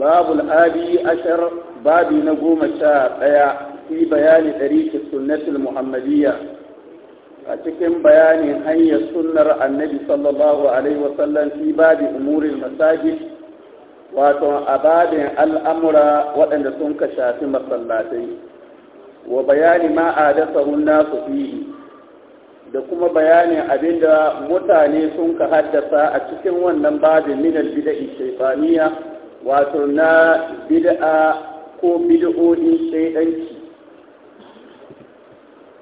باب الآبي أشر بابي نقوم شاء في بيان طريق السنة المحمدية a cikin bayanin hanyar sunnar annabi sallallahu alaihi wasallam fi babi umurin masajid wato a babin al'amura waɗanda sun ka shafi masallatai wa bayani ma a dasa nasu fiye da kuma bayanin abinda mutane sun ka haddasa a cikin wannan babin minar bida'i shaifaniya wato na bid'a ko bid'o'in shaidanci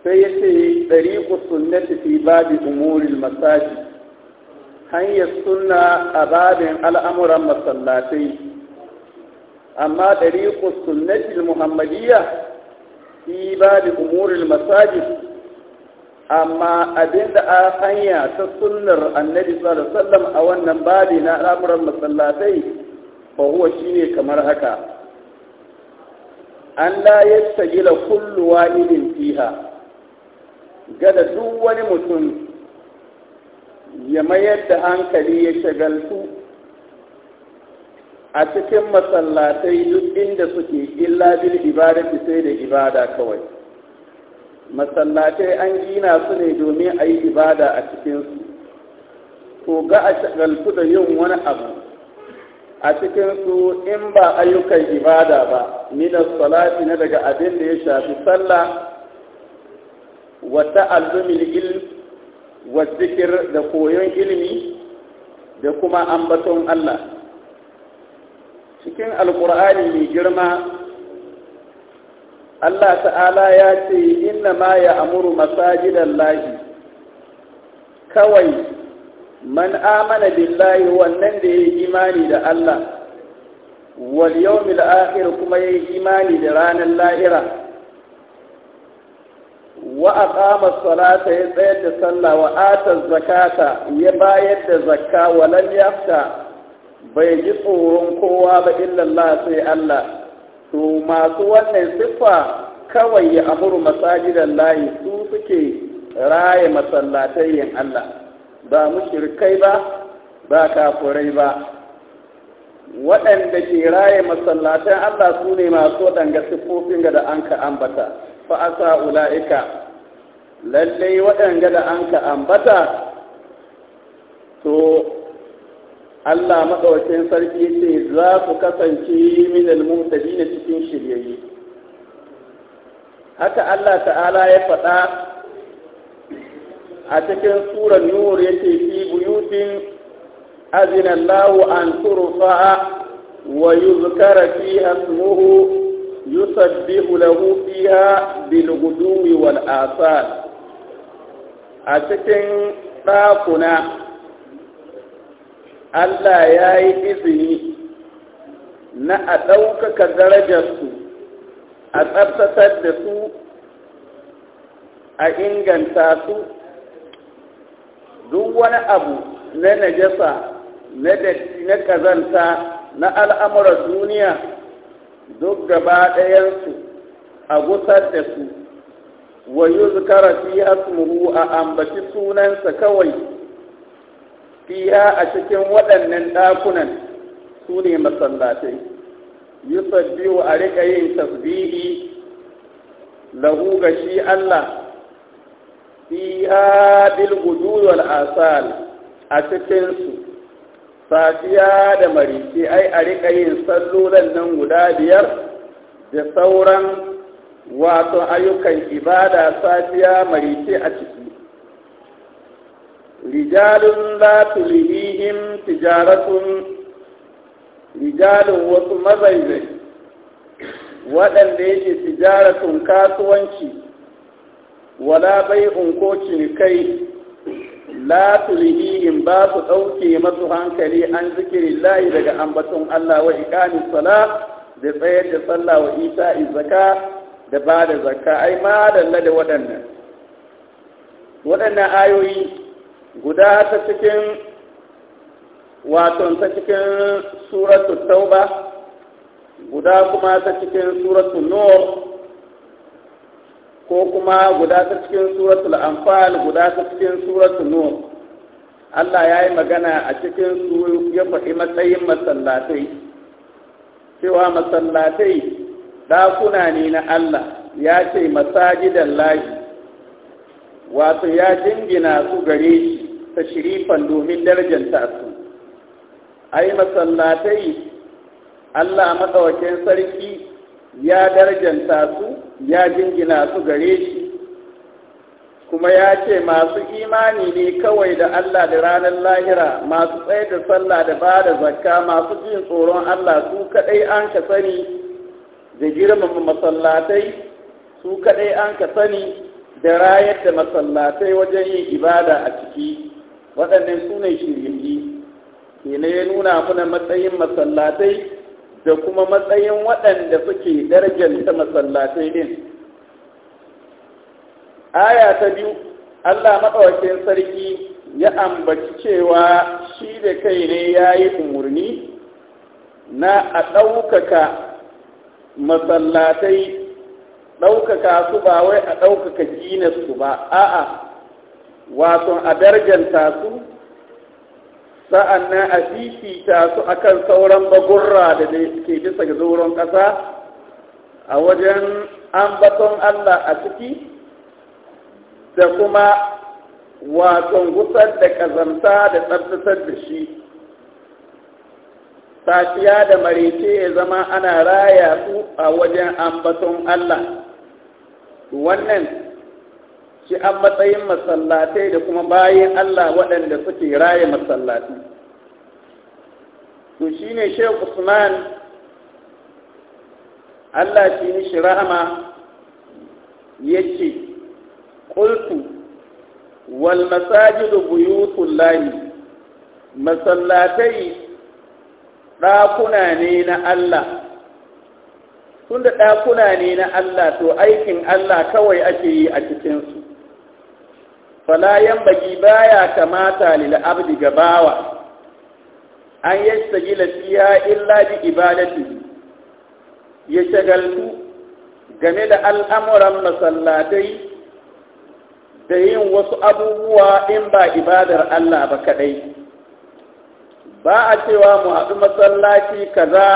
sai ya ce ɗariƙu sunnati fi babi umuril masaji hanyar sunna a babin al'amuran masallatai amma ɗariƙu sunnati muhammadiyya fi babi umuril masaji amma abinda a hanya ta sunnar annabi sallallahu alaihi a wannan babi na al'amuran masallatai fa huwa shine kamar haka an la gila kullu wa'idin fiha gada duk wani mutum ya mayar da hankali ya shagaltu a cikin masallatai duk inda suke illa bil ibadati sai da ibada kawai masallatai an gina su ne domin a yi ibada a cikinsu to ga a shagaltu da yin wani abu a cikinsu in ba ayyukan ibada ba da salati na daga abin da ya shafi sallah wa alzumin ilm wa zikir da koyon ilimi da kuma ambaton Allah cikin Alƙur'ani mai girma Allah ta'ala ya ce inna ma ya amuru masajidan lahi kawai man amana billahi wannan da ya yi imani da Allah wal yawmil akhir kuma ya yi imani da ranar lahira wa aqama salata ya tsayar da sallah wa ata zakata ya bayar da zakka wa lam yafta bai ji tsoron kowa ba illallah sai Allah to masu wannan siffa kawai ya amuru masajidan layi su suke raye masallatai Allah ba mushrikai ba ba kafurai ba waɗanda ke raye masallatan Allah su ne masu waɗanga siffofin da an ka ambata fa asa ula'ika lallai waɗanda da an ka ambata to Allah maɗaukin sarki ce za ku kasance min al-muhtadi na cikin shiryayye haka Allah ta'ala ya faɗa a cikin surar nur yake fi buyutin azina Allah an turfa wa yuzkara fiha ismuhu yusabbihu lahu fiha bil wal asal a cikin ɗakuna Allah ya yi izini na a ɗaukaka darajarsu a tsabtatar da su a inganta su duk wani abu na najasa na datti na kazanta na al'amuran duniya duk gaba ɗayansu a gusar da su wa yuzkara fi ismuhu a ambaci sunansa kawai fiha a cikin waɗannan ɗakunan su ne masallatai biyu a riƙa yin tasbihi lahu ga shi Allah fiha bil gudul wal asal a cikinsu. su safiya da marice ai a riƙa yin sallolan nan guda biyar da sauran wato ayyukan ibada safiya marice a ciki rijalun la tulihihim tijaratun rijalun wasu mazaizai waɗanda yake tijaratun kasuwanci wala bai ko cinikai la tulihihim ba su ɗauke masu hankali an zikirin layi daga ambaton Allah wa iqamis sala da tsayar da sallah wa isa'i zaka da ba da zakka ai ma da da waɗannan waɗannan ayoyi guda ta cikin waton ta cikin suratu tauba guda kuma ta cikin suratu nur ko kuma guda ta cikin suratul anfal guda ta cikin suratu nur Allah ya yi magana a cikin su ya faɗi matsayin masallatai cewa masallatai ɗakuna ne na Allah ya ce masajidan lahi wato ya jingina su gare shi ta shirifan domin darjanta su ai masallatai Allah matsawakin sarki ya darjanta su ya jingina su gare shi kuma ya ce masu imani ne kawai da Allah da ranar lahira masu tsaye da sallah da ba da zakka masu jin tsoron Allah su kaɗai an ka sani da girmama masallatai su kaɗai an ka sani da rayar da masallatai wajen yin ibada a ciki waɗannan su ne Ke ne ya nuna muna matsayin masallatai da kuma matsayin waɗanda suke darajanta masallatai ɗin aya ta biyu allah maɗaukin sarki ya ambaci cewa shi da kai ne ya yi umarni na a ɗaukaka masallatai ɗaukaka su ba wai a ɗaukaka su ba a'a wato a darjanta su sa'an nan a fifita su akan sauran bagurra da ke bisa ga zoron ƙasa a wajen ambaton Allah a ciki da kuma wato gusar da ƙazanta da tsabtatar da shi safiya da marece ya zama ana raya su a wajen ambaton Allah wannan shi an matsayin masallatai da kuma bayan Allah waɗanda suke raya masallatai to ne Sheikh Usman Allah shi mishi rahama ce, qultu wal masajidu layi. masallatai ɗakuna ne na Allah tun da ɗakuna ne na Allah to aikin Allah kawai ake yi a cikinsu falayan bagi baya kamata lil'abdi gabawa an yi fiya illa bi ibadati ya shagaltu game da al'amuran masallatai da yin wasu abubuwa in ba ibadar Allah ba kaɗai ba a cewa mu haɗu masallaci kaza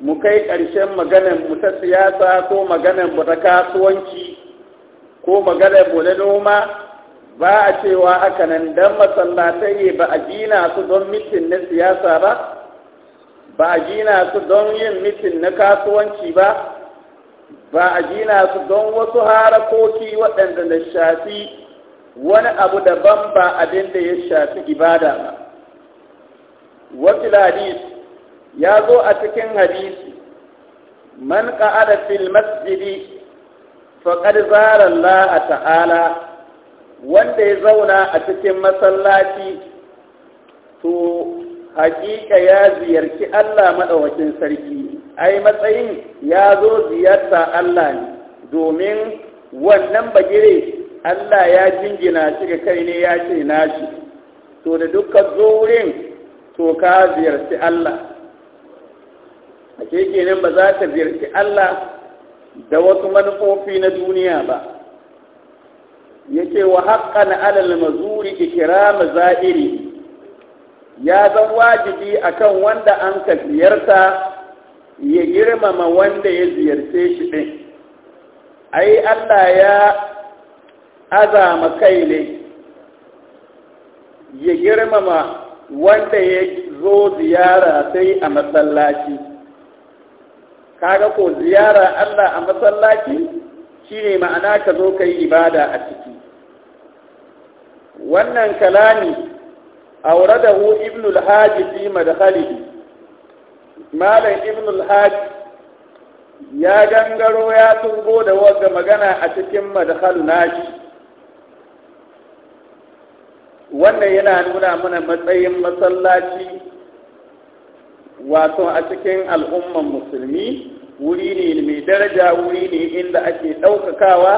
mu kai ƙarshen maganar mu ta siyasa ko maganar mu ta kasuwanci ko maganar mu na noma ba a cewa aka nan dan masallatai ba a gina su don mitin na siyasa ba ba a gina su don yin mitin na kasuwanci ba ba a gina su don wasu harakoki waɗanda na shafi wani abu daban ba abinda ya shafi ibada ba Wasu hadis ya zo a cikin hadisi man qa'ada fil masjidi faqad zarar la'a ta'ala wanda ya zauna a cikin masallaci to hakika ya ziyarci Allah madaukakin sarki ai matsayin ya zo ziyarta Allah ne domin wannan bagire Allah ya jingina shi ga kai ne ya ce nashi to da dukkan zo to ka ziyarci Allah a kenan ba za ka ziyarci Allah da wasu manufofi na duniya ba yake wa na alal mazuri ikirama za'iri ya zan wajibi a kan wanda an ka ziyarta ya girmama wanda ya ziyarce shi ɗin ai Allah ya azama kai ne ya girmama wanda ya zo ziyara sai a masallaci kaga ko ziyara Allah a masallaci shine ma'ana ka zo ka yi ibada a ciki wannan kalami auradahu ibn al-hajj fi madkhalihi malam ibn al-hajj ya gangaro ya tungo da wanda magana a cikin madkhal nashi wannan yana nuna mana matsayin masallaci wato a cikin al'umman musulmi wuri ne mai daraja wuri ne inda ake ɗaukakawa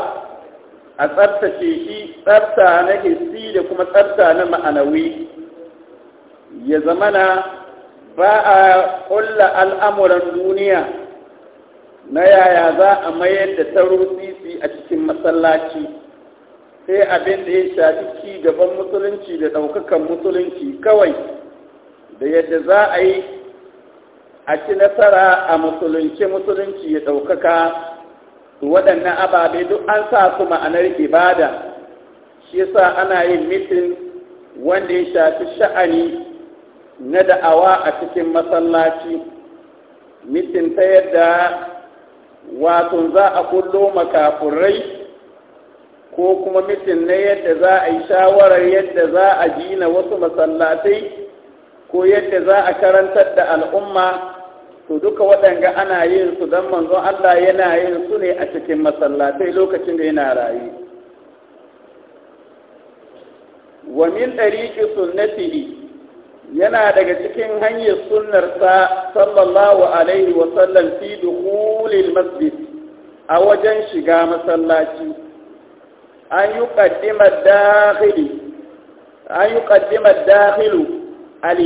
a tsabtace shi tsabta na hissi da kuma tsabta na ma'anawi ya zamana ba a ƙulla al'amuran duniya na yaya za a mayar da tarotisi a cikin masallaci sai abin da ya shafi ci gaban musulunci da ɗaukakan musulunci kawai da yadda za a yi a ci nasara a musulunci musulunci ya ɗaukaka waɗannan ababe duk an sa su ma'anar ibada shi yasa ana yin mitin wanda ya shafi sha'ani na da'awa a cikin masallaci mitin ta yadda wato za a kullo makafurai ko kuma mitin na yadda za a yi shawarar yadda za a gina wasu masallatai ko yadda za a karantar da al'umma to duka waɗanga ana yin su don manzon Allah yana yin su ne a cikin masallatai lokacin da yana raye. wa min ɗariƙi sunnatihi yana daga cikin hanyar sunnarsa sallallahu alaihi wa sallam fi dukhulil masjid a wajen shiga masallaci an yi ƙaddimar dakhili an yi ƙaddimar dakhilu al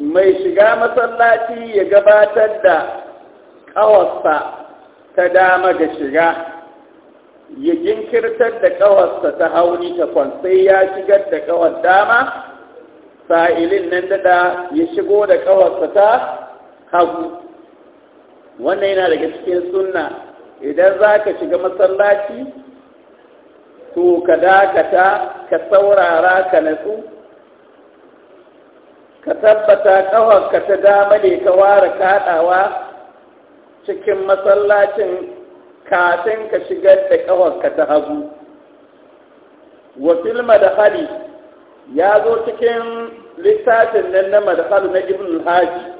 mai shiga masallaci ya gabatar da ƙawarsa ta dama ga shiga ya jinkirtar da ƙawarsa ta hauni ta kwansai ya shigar da ƙawar dama sa'ilin nan dada ya shigo da ƙawarsa ta hagu wannan yana daga cikin sunna idan za ka shiga masallaci to ka dakata ka saurara ka natsu ka tabbata ƙawarka ta dama ne ka ware kaɗawa cikin masallacin kafin ka shigar da ƙawarka ta hagu wasil madahali ya zo cikin littafin nan na madahali na ibn haji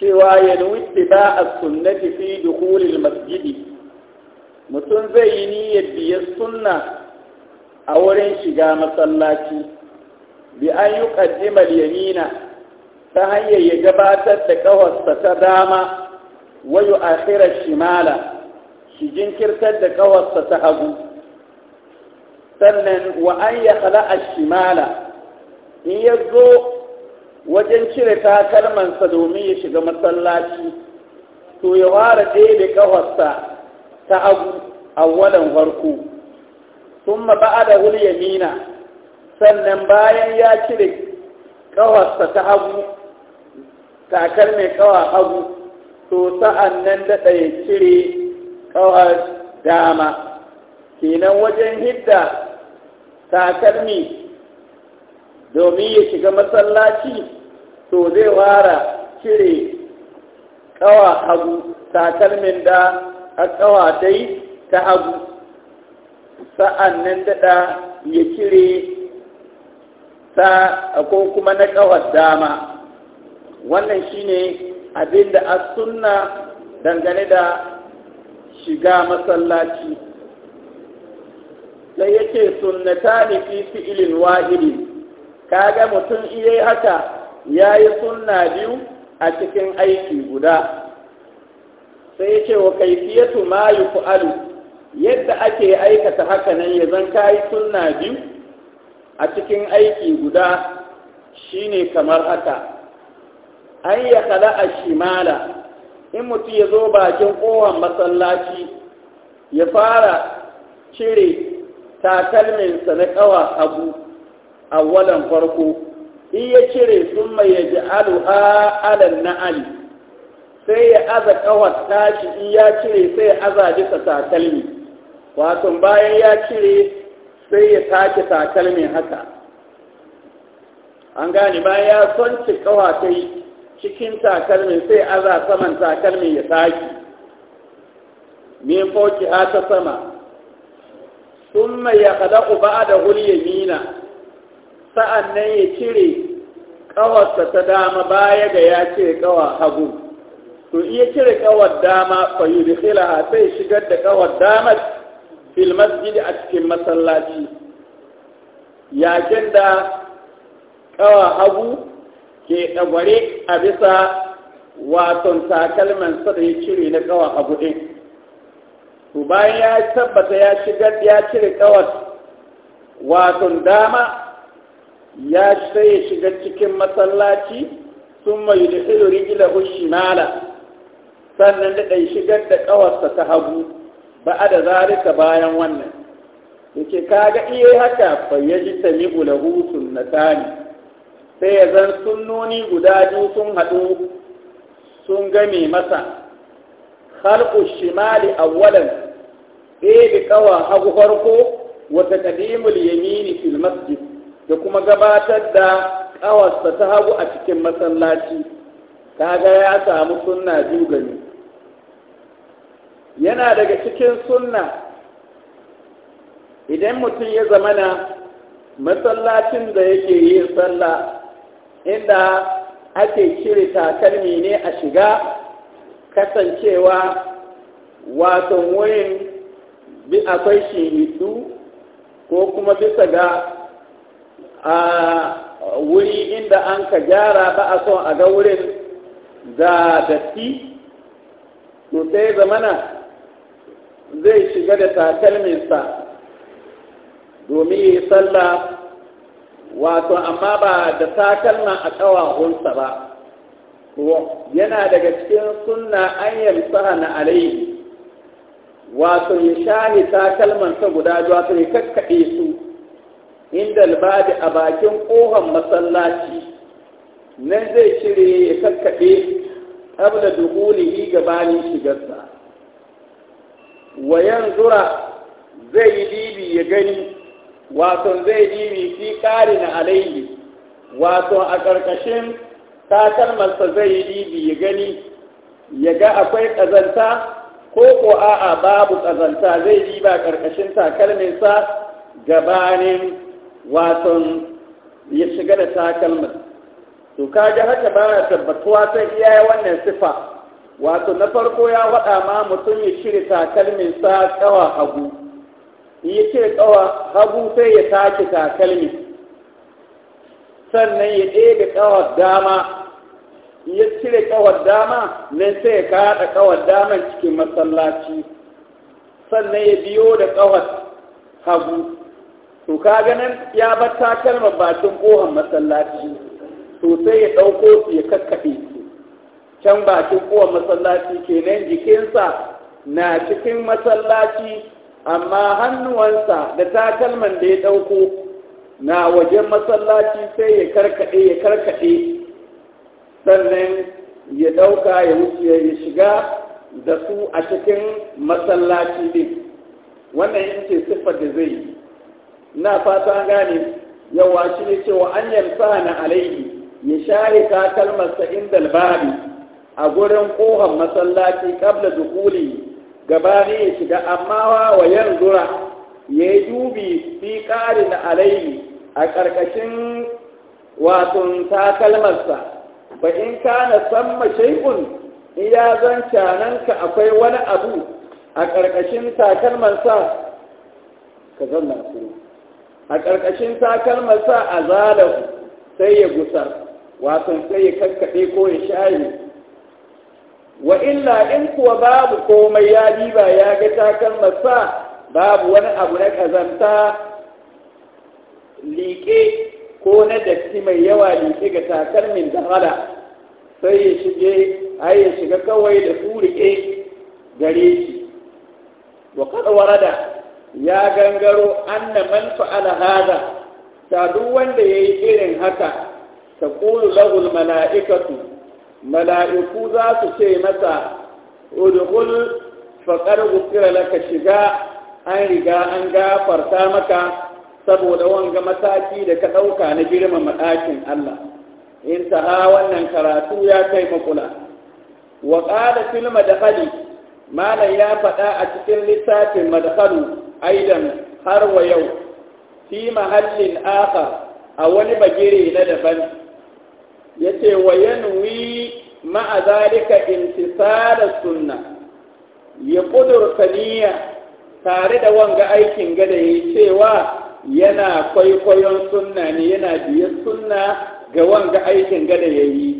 cewa ya nuwi ba a sunnati fi dukulil masjidi mutum zai yi niyyar biyar sunna a wurin shiga masallaci bi an yi ƙaddimar yamina ta hanyar ya gabatar da ƙawarsa ta dama wayo akhirar shimala shi jinkirtar da ƙawarsa ta hagu sannan wa an ya shimala in ya zo wajen cire takalmansa domin ya shiga masallaci to ya ware ɗebe da ta abu a awwalan farko sun ba da yamina sannan bayan ya cire ƙawarsa ta abu takalmin ƙawa abu to sa'an nan daɗa ya cire ƙawar dama kenan wajen hidda takalmi domin ya shiga masallaci to zai wara cire kawa hagu takalmin da a kawa dai ta hagu sa'annan daɗa ya cire ta ko kuma na kawar dama wannan shine abin da a sunna dangane da shiga masallaci sai yake sunnata ne fi fi'ilin kaga mutum iya haka ya yi sunna biyu a cikin aiki guda sai ce wa kaifiyatu ma fu'alu yadda ake aikata haka nan ya zan kayi sunna biyu a cikin aiki guda shine kamar haka an yi kada a shimala in mutum ya zo bakin kowan masallaci ya fara cire takalminsa na ƙawa abu awalan farko in ya cire sun mai ya ji aluha na na'ali sai ya aza kawar tashi in ya cire sai ya aza bisa takalmi wato bayan ya cire sai ya take takalmin haka an gane bayan ya sonci kawatai cikin takalmin sai aza saman takalmin ya take min fauki ta sama sun mai ya kada ba da hulyamina sa'an nan ya cire ƙawarsa ta dama baya ga ya cire ƙawar hagu to iya cire ƙawar dama fa a sai shigar da ƙawar damar filmas jiri a cikin masallaci yakin da ƙawar hagu ke ɗagware a bisa waton takalman sada ya cire na ƙawar hagu ɗin to bayan ya tabbata ya shigar ya cire ƙawar waton dama ya sai ya shiga cikin masallaci sun mai da ilori shimala sannan da ɗai shigar da ƙawarsa ta hagu ba a da zarika bayan wannan yake kaga iya haka fayyaji ta hutun lahu sunnatani sai ya zan sunnoni guda biyu sun haɗu sun game masa khalqu shimali awwalan ɗaya bi ƙawa hagu farko wata kadimul yamini fil masjid da kuma gabatar da ƙawarsa ta hagu a cikin masallaci ga ya samu sunna biyu gani yana daga cikin sunna idan mutum ya zamana masallacin da yake yin sallah inda ake cire takalmi ne a shiga kasancewa wato wurin akwai shihidu ko kuma bisa ga a wuri inda an ka gyara ba a son a ga wurin ga datti to sai zamana zai shiga da takalminsa domin yi sallah wato amma ba da takalma a ƙawahunsa ba yana daga cikin sunna an yamsaha na alaihi wato ya ne takalmansa guda zuwa? wato ya kakkaɓe su inda albadi a bakin ƙohon masallaci nan zai cire ya kakkaɓe abla duhulihi gabanin shigarsa wayan zura zai yi dibi ya gani wato zai dibi fi ƙari na alaihi wato a ƙarƙashin takalmarsa zai yi dibi ya gani ya ga akwai ƙazanta ko ko a'a babu ƙazanta zai diba ƙarƙashin takalminsa gabanin waton ya shiga da takalmin to kaga haka ya tabbatuwa ta iya wannan sifa wato na farko ya waɗa ma mutum ya shirya takalmin sa ƙawa hagu ya ce ƙawa hagu sai ya tashi takalmi sannan ya ɗaya ƙawar dama ya cire ƙawar dama nan sai ya kaɗa ƙawar daman cikin masallaci sannan ya biyo da ƙawar hagu to ka ganin ya bar takalmar bakin kohon masallaci to sai ya ɗauko su ya kakkaɓe su can bakin kohon masallaci kenan jikinsa na cikin masallaci amma hannuwansa da takalman da ya ɗauko na wajen masallaci sai ya karkaɗe ya karkaɗe sannan ya ɗauka ya wuce ya shiga da su a cikin masallaci din wannan yin ce siffar da zai yi na fata gane yawa shi ne cewa an yansa na alaihi ya share sa inda albabi a gurin kohon masallaci kabla dukuli gabani ya shiga amma wa ra ya yi dubi fi na alaihi a ƙarƙashin kalmar sa ba in kana samma shaikun iya zan cananka akwai wani abu a ƙarƙashin takalmarsa ka zanna su a ƙarƙashin sa a zalahu sai ya gusar wasan sai ya kakkaɓe ko ya shayi wa illa in kuwa babu komai ya diba ya ga sa babu wani abu na ƙazanta liƙe ko na datti mai yawa liƙe ga takalmin da hada sai ya shige ai ya shiga kawai da su riƙe gare shi wa kada warada ya gangaro anna man fa'ala hada ta duk wanda yayi irin haka ta qulu lahul mala'ikatu mala'iku za su ce masa udkhul faqad ghufira laka shiga an riga an gafarta maka saboda wanga mataki da ka ɗauka na girmama ɗakin Allah in ta ha wannan karatu ya kai makula wa ƙada fil madkhali malam ya faɗa a cikin littafin madkhalu aidan har wa yau fi mahallin aka a wani bagire na daban ya ce wa yanwi ma'a zalika intisara sunna ya kudurta niyya tare da wanga aikin gada ya cewa yana kwaikwayon sunna ne yana biyar sunna ga wanga aikin gada ya yi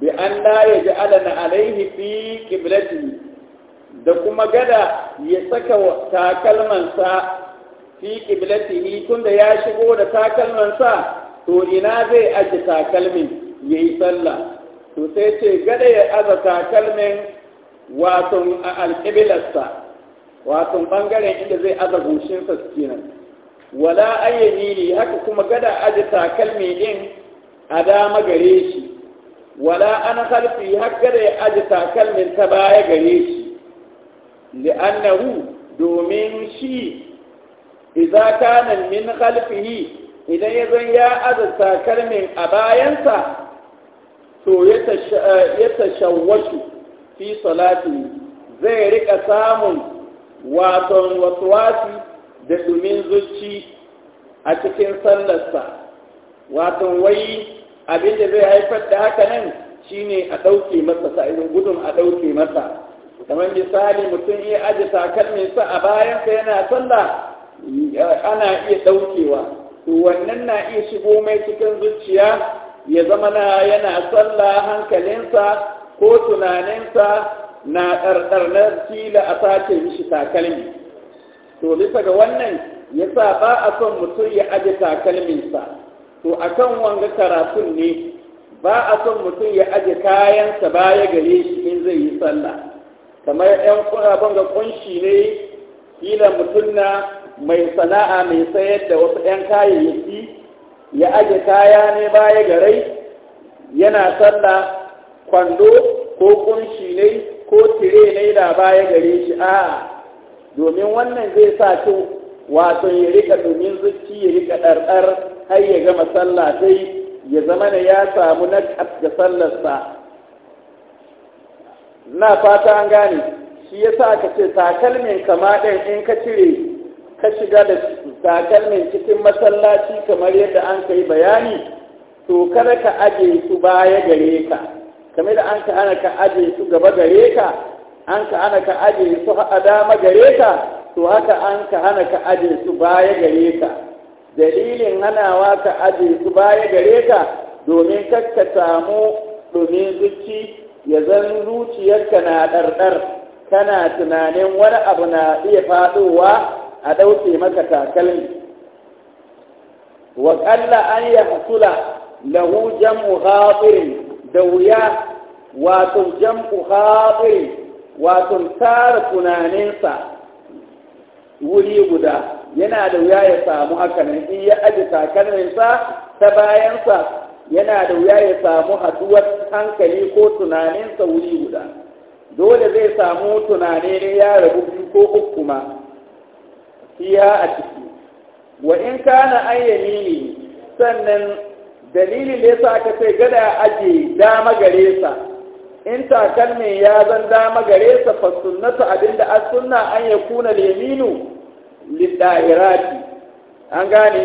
bi an ya ji alana alaihi fi kiblatihi da kuma gada ya saka takalmansa fi ƙiblatihi tunda ya shigo da takalmansa to ina zai aji takalmin ya yi sallah to sai ce gada ya aza takalmin wato a alƙiblarsa wato ɓangaren inda zai aza goshinsa nan. wala ayyani haka kuma gada aji takalmi din a dama gare shi wala an harfi har gada ya aji takalmin ta baya gare shi li'annahu domin shi iza kana min khalfihi idan ya zan ya azurta karmin a bayansa to ya tashawwashu fi salati zai rika samun waton wasuwasi da dumin zuci a cikin sallarsa waton wai da zai haifar da haka nan shine a ɗauke masa sa'ilin gudun a ɗauke masa kamar misali mutum iya aje sa a bayansa yana sallah ana iya ɗaukewa to wannan na iya shigo mai cikin zuciya ya zama na yana sallah hankalinsa ko tunaninsa na ɗarɗarnar fila a sace mishi takalmi to bisa ga wannan yasa ba a son mutum ya aje takalminsa to a kan wanga karatun ne ba a son mutum ya aje kayansa baya gare shi in zai yi sallah kamar yan abin ga kunshi ne kila mutum na mai sana'a mai sayar da wasu yan kayayyaki ya aje kaya ne baya gare yana sallah kwando ko kunshi ne ko tire ne da baya gare shi a domin wannan zai sa to wato ya rika domin zuci ya rika ɗarɗar har ya gama sallah sai ya zama da ya samu na da sallarsa na fata an gane shi ya sa aka ce takalmin kama ɗin in ka cire ka shiga da takalmin cikin masallaci kamar yadda an kai bayani to kada ka aje su baya gare ka kamar da an ka ana ka aje su gaba gare ka an ka ana ka aje su a dama gare ka to haka an ka hana ka aje su baya gare ka dalilin hanawa ka aje su baya gare ka domin kar samu domin zuci ya zan zuciyarka na ɗarɗar kana tunanin wani abu na iya faɗowa a ɗauke maka takalmi wa an yi hasula lahu jam'u haɗirin da wuya wato jam'u haɗirin wato tara tunaninsa wuri guda yana da wuya ya samu hakanan in ya aji takalminsa ta bayansa yana da wuya ya samu haduwar hankali ko tunaninsa wuri guda dole zai samu tunani ne ya rabu biyu ko uku ma fiya a ciki wa in kana an yamini sannan dalilin da yasa aka sai gada ajiye dama gare sa in takalmin ya zan dama gare sa fa sunnatu abinda as sunna an yakuna yaminu lidahirati an gane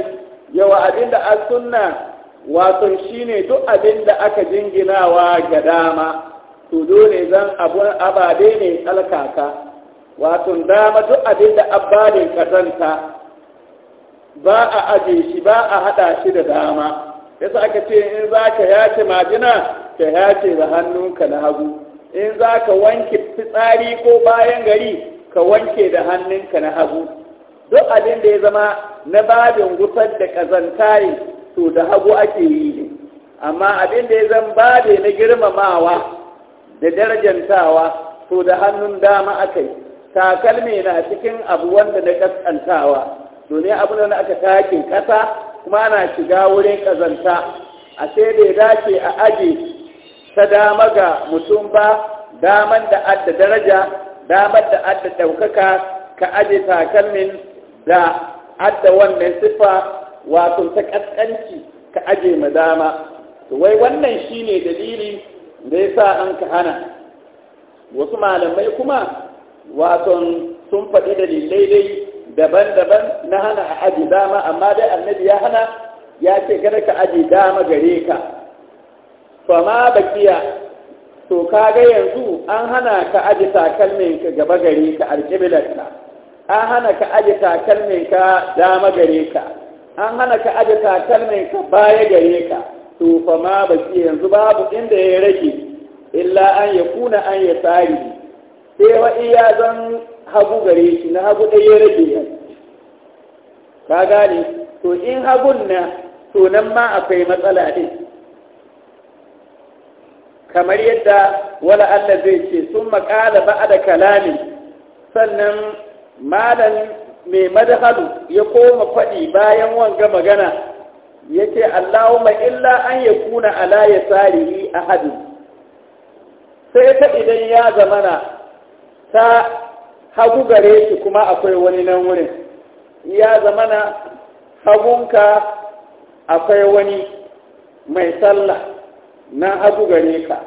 yawa abinda as sunna wato shine duk abin da aka jinginawa ga dama to dole zan abun ababe ne tsalkaka wato dama duk abin da abbalin kazanta ba a aje shi ba a hada shi da dama yasa aka ce in za ka yace majina ka yace da hannunka na hagu in za ka wanke fitsari ko bayan gari ka wanke da hannunka na hagu duk abin da ya zama na babin gusar da kazanta to da hagu ake yi ne amma abin da ya zan da na girmamawa da darajantawa to da hannun dama aka yi takalmi na cikin abu wanda na kaskantawa to ne abu da aka takin kasa kuma ana shiga wurin kazanta a sai da ya dace a aje ta dama ga mutum ba daman da adda daraja damar da adda ɗaukaka ka aje takalmin da adda wannan siffa wato ta ƙasƙanci ka aje ma dama wai wannan shi ne dalili da ya sa an ka hana wasu malamai kuma wato sun faɗi dalilai dai daban-daban na hana a aji dama amma dai annabi ya hana ya ce kada ka aji dama gare ka ma bakiya to kaga yanzu an hana ka aji takalmin ka gaba gare ka alƙiblarka an hana ka aji takalmin ka dama gare ka an hana ka aje takalmin ka baya gare ka to fa ma yanzu babu inda ya rage illa an ya kuna an ya tsari sai wa iya zan hagu gare shi na hagu ɗaya ya rage ya ka gane to in hagun na to nan ma akwai matsala ɗin kamar yadda wala Allah zai ce sun maƙala ba da kalamin sannan malam mai madahalu ya koma faɗi bayan wanga magana yake Allahumma illa an yakuna ala yasarihi hadu. sai ta idan ya zamana ta hagu gare shi kuma akwai wani nan wurin ya zamana hagunka akwai wani mai sallah na hagu gare ka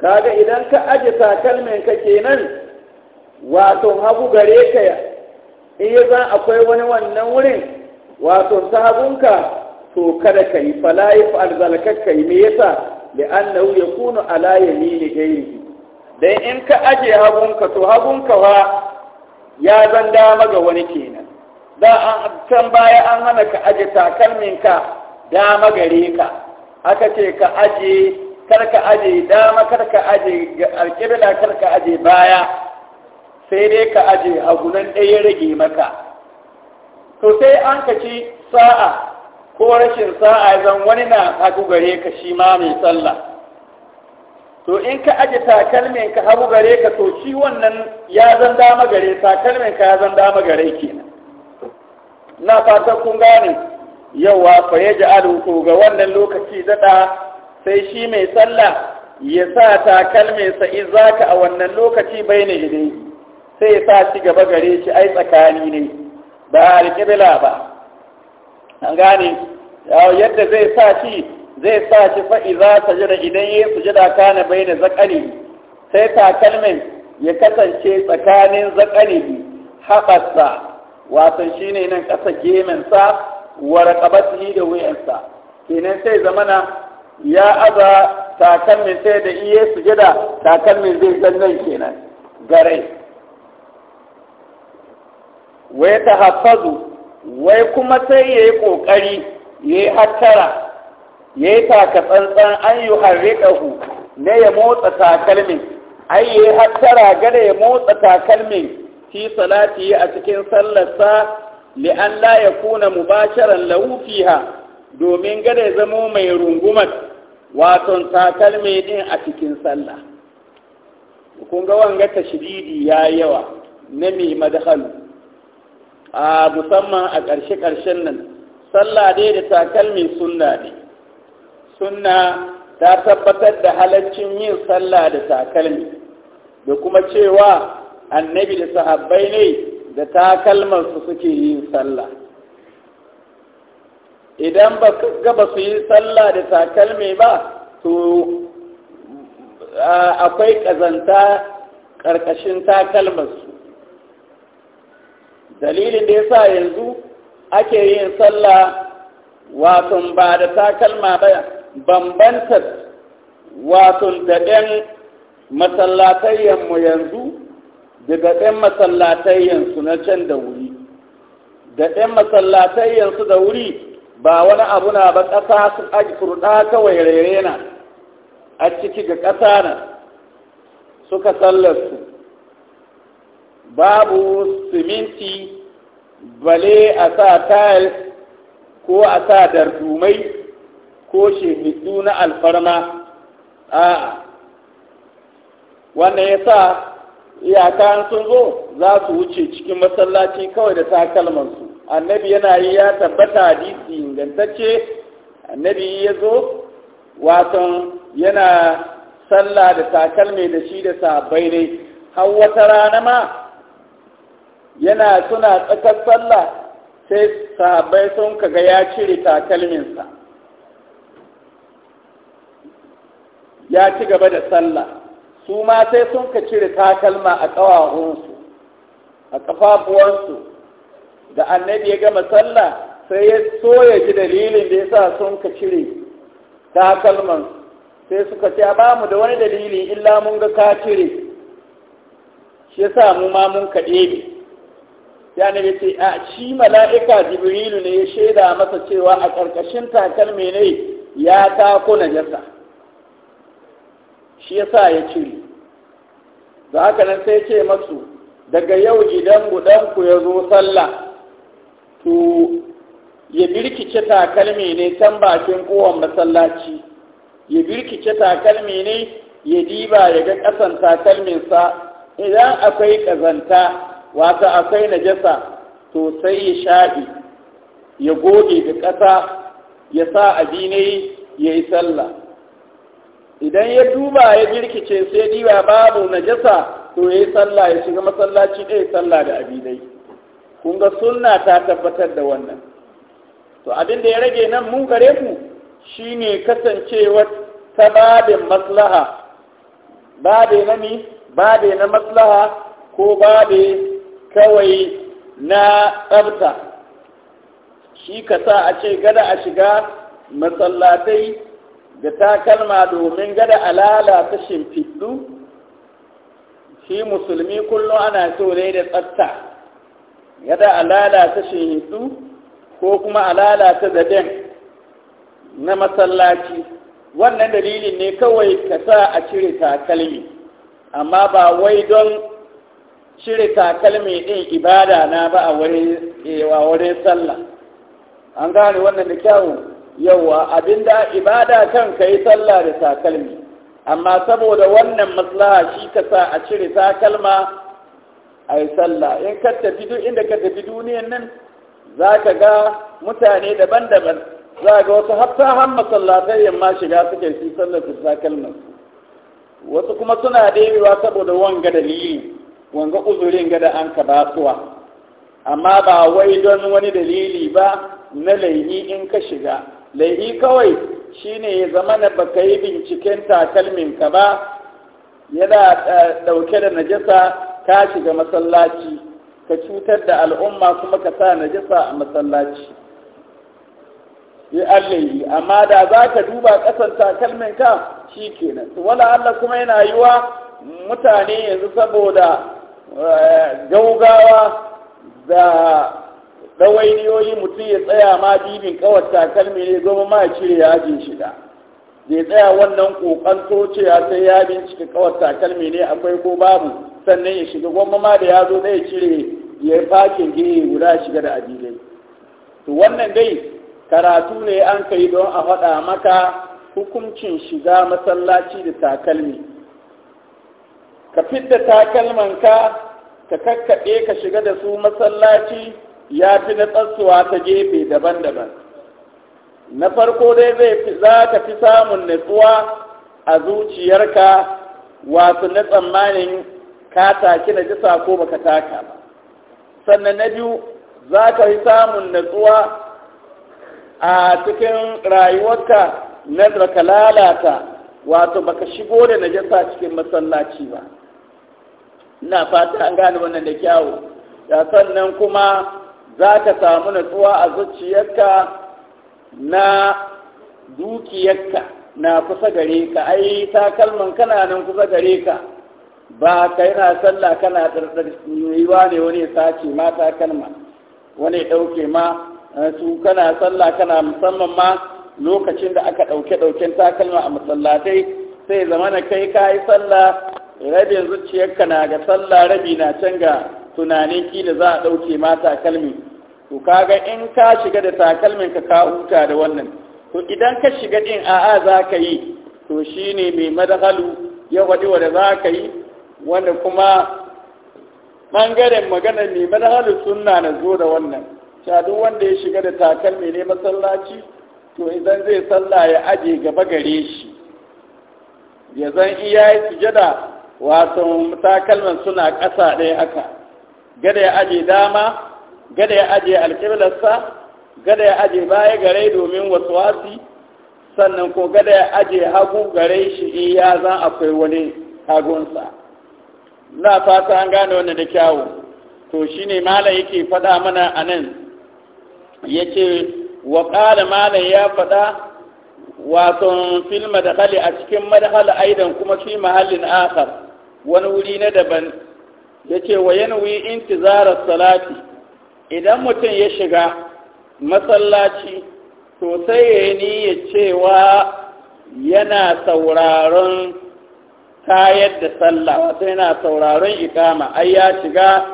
kaga idan ka aje takalmin ka kenan wato hagu gare ka in ya za akwai wani wannan wurin wato ta hagunka to kada ka yi falayi fa'alzalakar ka yi me yasa da wuya ya kunu ala ne gairi dan in ka aje hagunka to hagunka wa ya zan dama ga wani kenan da an can baya an hana ka aje takalminka dama gare ka aka ce ka aje karka aje dama karka aje alƙibla karka aje baya sai dai ka aje hagu nan ɗaya rage maka to sai an ka ci sa'a ko rashin sa'a zan wani na hagu gare ka shi ma mai sallah to in ka aje takalmin ka hagu gare ka to shi wannan ya zan dama gare takalmin ka ya zan dama gare kenan na fatan kun gane yawa fa ya ji ko ga wannan lokaci daɗa sai shi mai sallah ya sa takalminsa in ka a wannan lokaci bai ne sai ya sa shi gaba gare shi ai tsakani ne ba alƙibla ba an gane yadda zai sa shi zai sa shi fa'iza sajira idan ya sujada kana bai da zakani sai takalmin ya kasance tsakanin zakani haɓarsa wasan shi ne nan ƙasa sa, wa raƙabatihi da wuyansa kenan sai zamana ya aza takalmin sai da iya sujada takalmin zai nan kenan garai wai ta hafazu wai kuma sai ya yi ƙoƙari ya yi hattara ya yi taka tsantsan an yi harriƙahu ne ya motsa takalmi ai ya yi hattara gada ya motsa takalmin fi salati a cikin sallarsa li'an la ya kuna mubasharan lahu fiha domin gada ya zamo mai rungumar waton takalmi din a cikin sallah kun ga wanga tashiridi ya yawa na mai madhalu a musamman a ƙarshe-ƙarshen nan sallah dai da takalmi sunna ne sunna ta tabbatar da halaccin yin sallah da takalmi da kuma cewa annabi da sahabbai ne da takalmarsu suke yin sallah idan ba ga ba su yi sallah da takalmi ba to akwai ƙazanta ƙarƙashin takalmarsu dalilin da yasa yanzu ake yin sallah wato ba da takalma ba bambanta wato da ɗan masallatayyanmu yanzu daga ɗan masallatayyansu na can da wuri da ɗan masallatayyansu da wuri ba wani abu na ba ƙasa su aji kurɗa kawai rere na a ciki ga ƙasa na suka sallarsu babu siminti bale a sa tiles ko a sa dardumai ko shehidu na alfarma a wanda ya sa iyaka sun zo za su wuce cikin masallaci kawai da takalmansu annabi yana yi ya tabbata hadisi ingantacce annabi ya zo wasan yana sallah da takalme da shi da sabai ne har wata rana ma yana suna tsakar sallah sai sahabbai sun kaga ya cire takalminsa ya ci gaba da sallah su ma sai sun ka cire takalma a ƙawahunsu a ƙafafuwansu da annabi ya gama sallah sai ya so ya ji dalilin da ya sa sun ka cire takalman sai suka ce ba mu da wani dalili illa mun ga ka cire shi ya sa mu ma mun kaɗe ɗebe ya ce a shi mala'ika jibrilu ne ya shaida masa cewa a ƙarƙashin takalmi ne ya tako jasa? shi yasa ya cire Za ka nan sai ce masu daga yau idan gudanku ya zo sallah to ya birkice takalmi ne can bakin kowan masallaci ya birkice takalmi ne ya diba ya ga ƙasan takalminsa idan akwai ƙazanta wata akwai najasa to sai ya shaɗi ya goge da ƙasa ya sa abinai ya yi sallah idan ya duba ya birkice sai diwa babu najasa to ya yi sallah ya shiga masallaci ɗaya sallah da abinai kun ga sunna ta tabbatar da wannan to abin da ya rage nan mun gare ku shine kasancewar ta babin maslaha babe na ni babe na maslaha ko babe kawai na tsabta shi ka sa a ce gada a shiga masallatai da takalma domin gada a lalata shimfiɗu shi musulmi kullum ana so ne da tsabta gada a lalata shimfiɗu ko kuma a lalata zaben na masallaci wannan dalilin ne kawai ka sa a cire takalmi amma ba wai don cire takalmi ɗin ibada na ba eh, a wurin sallah an gane wannan da kyawun yauwa abinda ibada kan ka yi sallah da takalmi amma saboda wannan maslaha shi ka sa a cire takalma a yi sallah in ka tafi inda ka tafi duniyan nan za ka ga mutane daban-daban za ga wasu hafta har masallatai yamma shiga suke su sallar su takalmansu wasu kuma suna daidaiwa saboda wanga dalili wanga uzurin gada an ka basuwa amma ba wai don wani dalili ba na laihi in ka shiga laihi kawai shine ya zama na baka yi binciken takalminka ba yana eh, ɗauke da najasa ka shiga masallaci ka cutar da al'umma kuma ka sa najasa a masallaci ya allahi amma da za ka duba ƙasan takalminka shi kenan wala Allah kuma yana yiwa mutane yanzu saboda gaugawa da ɗawainiyoyi mutum ya tsaya ma bibin kawar takalmi ne zama ma ya cire ya shiga tsaya wannan kokon tocewa sai ya bincika kawar takalmi ne akwai ko babu sannan ya shiga gwamma ma da ya zo zai cire ya yi fakin gehe guda shiga da adilai to wannan dai karatu ne an kai don a faɗa maka hukuncin shiga masallaci da takalmi ka fidda takalmanka ka kakkaɓe ka shiga da su masallaci ya fi na tsatsuwa ta gefe daban-daban na farko dai zai za ka fi samun natsuwa a zuciyarka wasu na tsammanin ka taki na jisa ko baka taka ba sannan na biyu za ka fi samun natsuwa a cikin rayuwarka na ka lalata wato baka shigo da najasa cikin masallaci ba ina fata an gane wannan da kyawu da sannan kuma za ka samu natsuwa a zuciyarka na dukiyarka na kusa gare ka ai takalman kana nan kusa gare ka ba ka yana sallah kana tsartsar yiwa ne wani ya sace ma takalma wani ya ɗauke ma eh, su kana sallah kana musamman ma lokacin da aka ɗauke ɗauken takalma a masallatai sai zama na kai ka yi sallah rabin zuciyarka na ga sallah rabi na can ga tunanin kila za a ɗauke ma takalmi to kaga in ka shiga da takalmin ka ka huta da wannan to idan ka shiga din a'a za ka yi to shine mai madhalu ya waɗi da za ka yi wanda kuma ɓangaren magana mai madhalu sunna na zo da wannan cewa duk wanda ya shiga da takalmi ne masallaci to idan zai sallah ya aje gaba gare shi ya zan iya yi sujada wato takalman suna ƙasa ɗaya haka gada ya aje dama gada ya aje alƙiblarsa gada ya aje baya gare domin wasu wasi sannan ko gada ya aje hagu gare shi iya ya zan akwai wani hagunsa na fata an gane wani da kyawu to shi ne malam yake faɗa mana a nan ya ce wa ƙala malam ya faɗa wato da hali a cikin madakali aidan kuma fi mahallin akhar wani wuri na daban ya ce wa yanayi intizarar salati idan mutum ya shiga masallaci to sai ya yi cewa yana sauraron tayar da sallah wato yana sauraron ikama ai ya shiga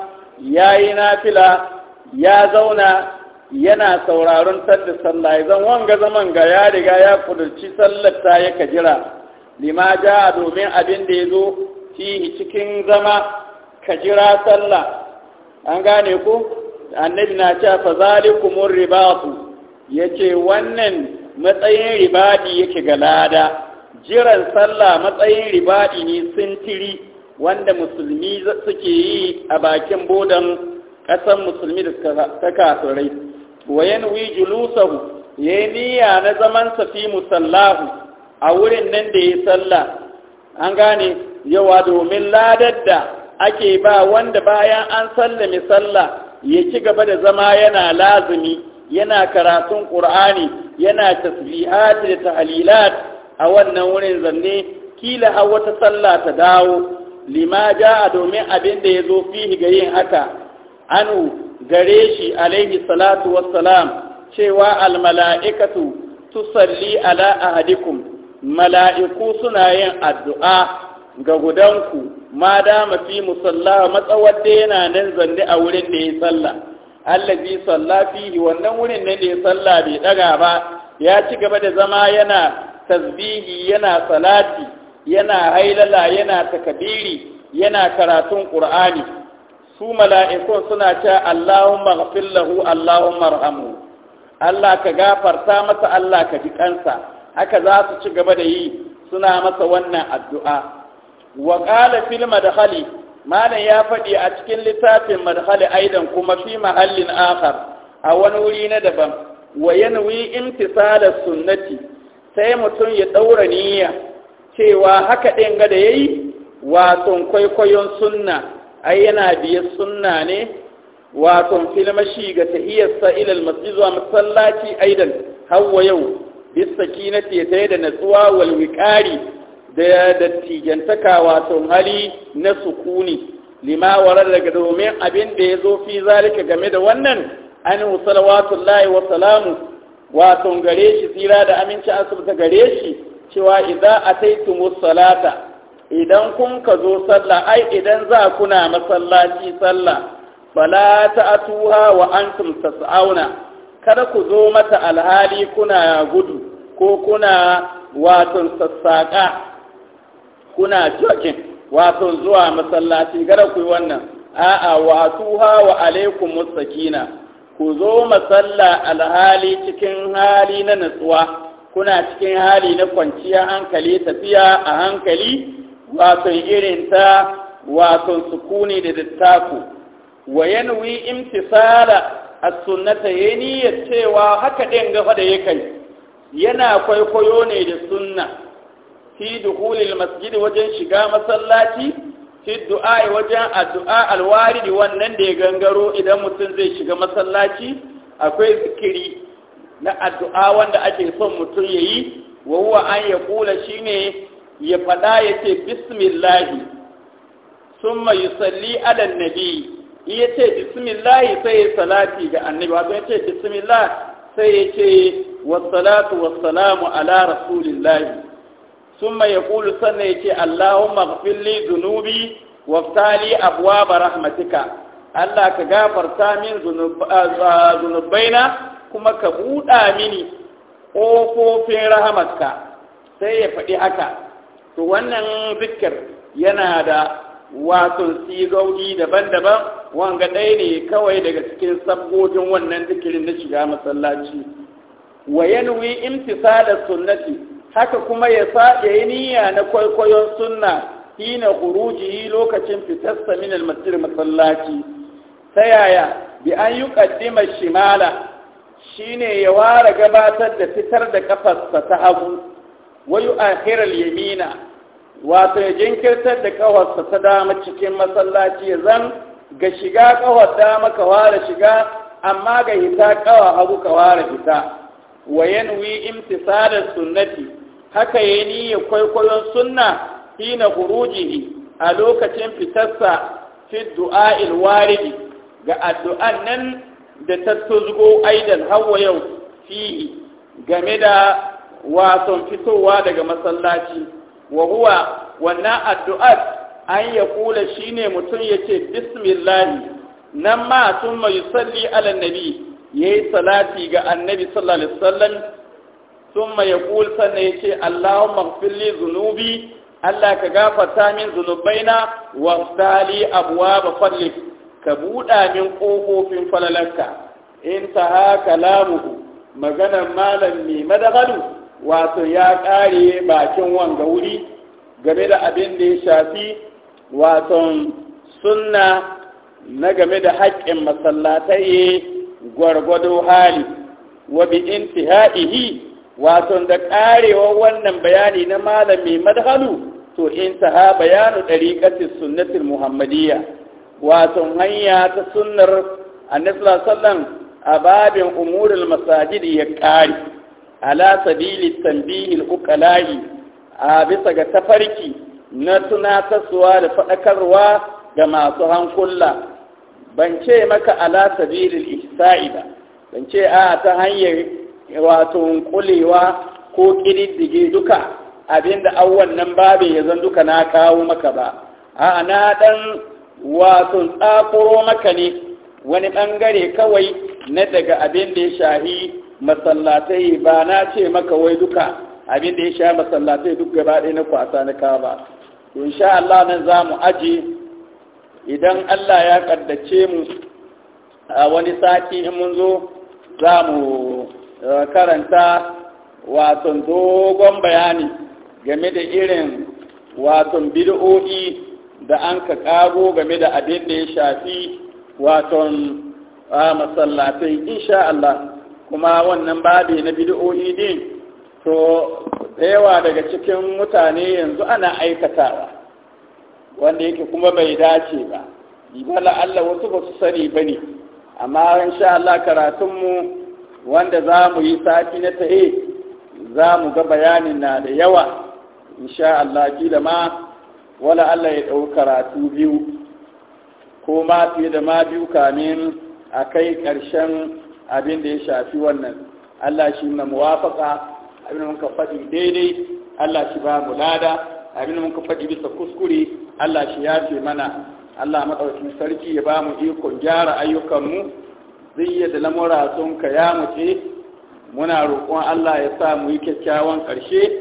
ya yi nafila ya zauna yana sauraron tadda sallah Zan wanga zaman ga ya riga ya kudurci sallar ta ya kajira lima ja domin abin da ya zo fihi cikin zama ka jira sallah an gane ku annabi na cewa fa zalikumur ribatu yace wannan matsayin ribadi yake ga lada jiran sallah matsayin ribadi ne sintiri wanda musulmi suke yi a bakin bodan ƙasar musulmi da ta kafirai wayan wi julusahu ya niyya na zaman safi musallahu a wurin nan da ya sallah an gane yawa domin ladar da ake ba wanda bayan an sallame sallah ya ci gaba da zama yana lazumi yana karatun ƙur'ani yana tasbihat da ta'alilat a wannan wurin zanne kila har wata sallah ta dawo lima a domin abin da ya zo fihi ga yin haka anu gare shi alaihi salatu wassalam cewa almala'ikatu tusalli ala ahadikum mala'iku suna yin addu'a ga gudanku ma dama fi musalla matsawar da yana nan zanne a wurin da ya salla allazi salla fihi wannan wurin ne da ya salla bai daga ba ya ci gaba da zama yana tasbihi yana salati yana hailala yana takabiri yana karatun qur'ani su mala'ikun suna cewa Allahumma ghfir lahu Allahumma arhamu Allah ka gafarta masa Allah ka ji kansa haka za su ci gaba da yi suna masa wannan addu'a wa qala fil madkhali malam ya faɗi a cikin littafin madkhali aidan kuma fi mahallin akhar a wani wuri na daban wa yanwi intisala sunnati sai mutum ya daura niyya cewa haka din ga da yayi wato kwaikwayon sunna ai yana biye sunna ne wato filmashi ga tahiyyarsa ila almasjid wa masallaci aidan hawa yau bisakinati ya tayi da natsuwa wal wiqari da dattijantaka wato hali na sukuni lima warar daga domin abin da ya zo fi zalika game da wannan an salawatullahi wa salamu wato gare shi tsira da aminci asibiti gare shi cewa idza taitu salata idan kun ka zo sallah ai idan za kuna masallaci sallah Bala ta ta'tuha wa antum tas'auna kada ku zo mata alhali kuna gudu ko kuna wato sassaƙa kuna jokin wato zuwa masallaci gara ku wannan a'a watuha wa alaikum musakina ku zo masalla alhali cikin hali na natsuwa kuna cikin hali na kwanciya hankali tafiya a hankali wato irin ta wato sukuni da dattaku wa yanwi imtisala as-sunnata yani cewa haka din gafa da yake yana kwaikwayo ne da sunna fi dukhulil masjidi wajen shiga masallaci fi du'a wajen addu'a alwaridi wannan da ya gangaro idan mutum zai shiga masallaci akwai zikiri na addu'a wanda ake son mutum ya yi. wa huwa an ya kula shine ya faɗa yace bismillahi summa yusalli ala nabi ya ce bismillahi sai ya salati ga annabi wato ya ce bismillah sai ya ce wassalatu wassalamu ala rasulillahi sun ma ya ƙulu sannan ya ce Allahun maɓin li zunubi wa tsali abuwa ba rahmatika. Allah ka gafarta min ah, ah, zunubai na kuma ka buɗa mini ƙofofin rahamatka sai ya faɗi aka. To wannan zikir yana da wato si daban-daban wanga ɗaya ne kawai daga cikin sabgojin wannan zikirin na shiga masallaci. wayanwi imtisa da sunnati haka kuma ya sa ya yi niyya na kwaikwayon sunna hina huruji lokacin fitarsa min al masallaci ta yaya bi an yi yuqaddima shimala shine ya ware gabatar da fitar da kafarsa ta hagu Wayu a herar yamina wato ya jinkirtar da kawarsa ta dama cikin masallaci ya zan ga shiga kawar dama ka ware shiga amma ga hita kawa hagu ka ware hita wa yanwi imtisalar sunnati haka ya yi niyyar kwaikwayon sunna hina hurujihi a lokacin fitarsa fi du'a'il waridi ga addu'an nan da ta tuzgo aidan hawa yau fi game da wasan fitowa daga masallaci wa huwa wannan addu'ar an ya kula shi ne mutum ya ce, bismillahi nan ma sun mai salli ala nabi yi salati ga annabi sallallahu alaihi wasallam summa yaqul sannan yace Allahumma ighfir li dhunubi Allah ka gafata min na, wa ftali ba fadlik ka buɗa min ƙofofin falalarka in ta haka lamuhu maganar malam mai madagalu wato ya ƙare bakin wanga wuri game da abin da ya shafi wato sunna na game da haƙƙin masallatai gwargwado hali wa bi intihaihi wato da karewar wannan bayani na malami madhalu to in ha bayanu dariqati sunnati muhammadiyya wato hanya ta sunnar annabi sallallahu a babin umurul masajid ya kare ala sabili tanbihil uqala'i a bisa ga tafarki na tunatarwa da faɗakarwa ga masu hankula ban ce maka ala sabilil ihsa'i ba ban ce a ta hanyar wato kulewa ko kididdige duka abinda an wannan babin ya zan duka na kawo maka ba a na dan wato tsakuro maka ne wani bangare kawai na daga abinda ya shahi masallatai ba na ce maka wai duka abinda ya sha masallatai duk gaba ɗaya na kwasa na kawo ba sha Allah nan za mu aji idan Allah ya kaddace mu a wani sati in mun zo za mu karanta wato dogon bayani game da irin wato bid'o'i da an ka kago game da abin da ya shafi wato masallatai insha Allah kuma wannan babi na bid'o'i din to yawa daga cikin mutane yanzu ana aikatawa wanda yake kuma bai dace ba bala Allah wasu ba su sani ba ne amma insha Allah karatunmu wanda za mu yi sati na ta'e, za mu ga bayanin na da yawa insha Allah da ma wala Allah ya ɗau karatu biyu ko ma fiye da ma biyu kamin a kai ƙarshen abin da ya shafi wannan Allah shi na muwafaka abin da muka faɗi daidai Allah shi ba mu lada abin da muka faɗi bisa kuskure Allah shi ya ce mana Allah maɗaukin sarki ya ba mu ikon gyara ayyukanmu ziyya da lamura sun ka ya mace muna roƙon Allah ya sa mu yi kyakkyawan ƙarshe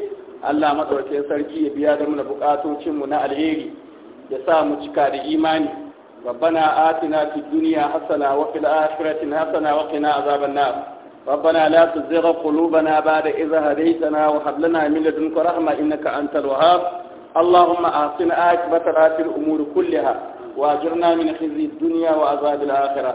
Allah maɗaukakin sarki ya biya da muna buƙatocinmu na alheri ya sa mu cika da imani ربنا آتنا في الدنيا حسنة وفي الآخرة حسنة وقنا عذاب النار ربنا لا تزغ قلوبنا بعد إذا هديتنا وهب لنا من لدنك رحمة إنك أنت الوهاب اللهم أعطنا عاقبتنا في الأمور كلها وأجرنا من خزي الدنيا وعذاب الآخرة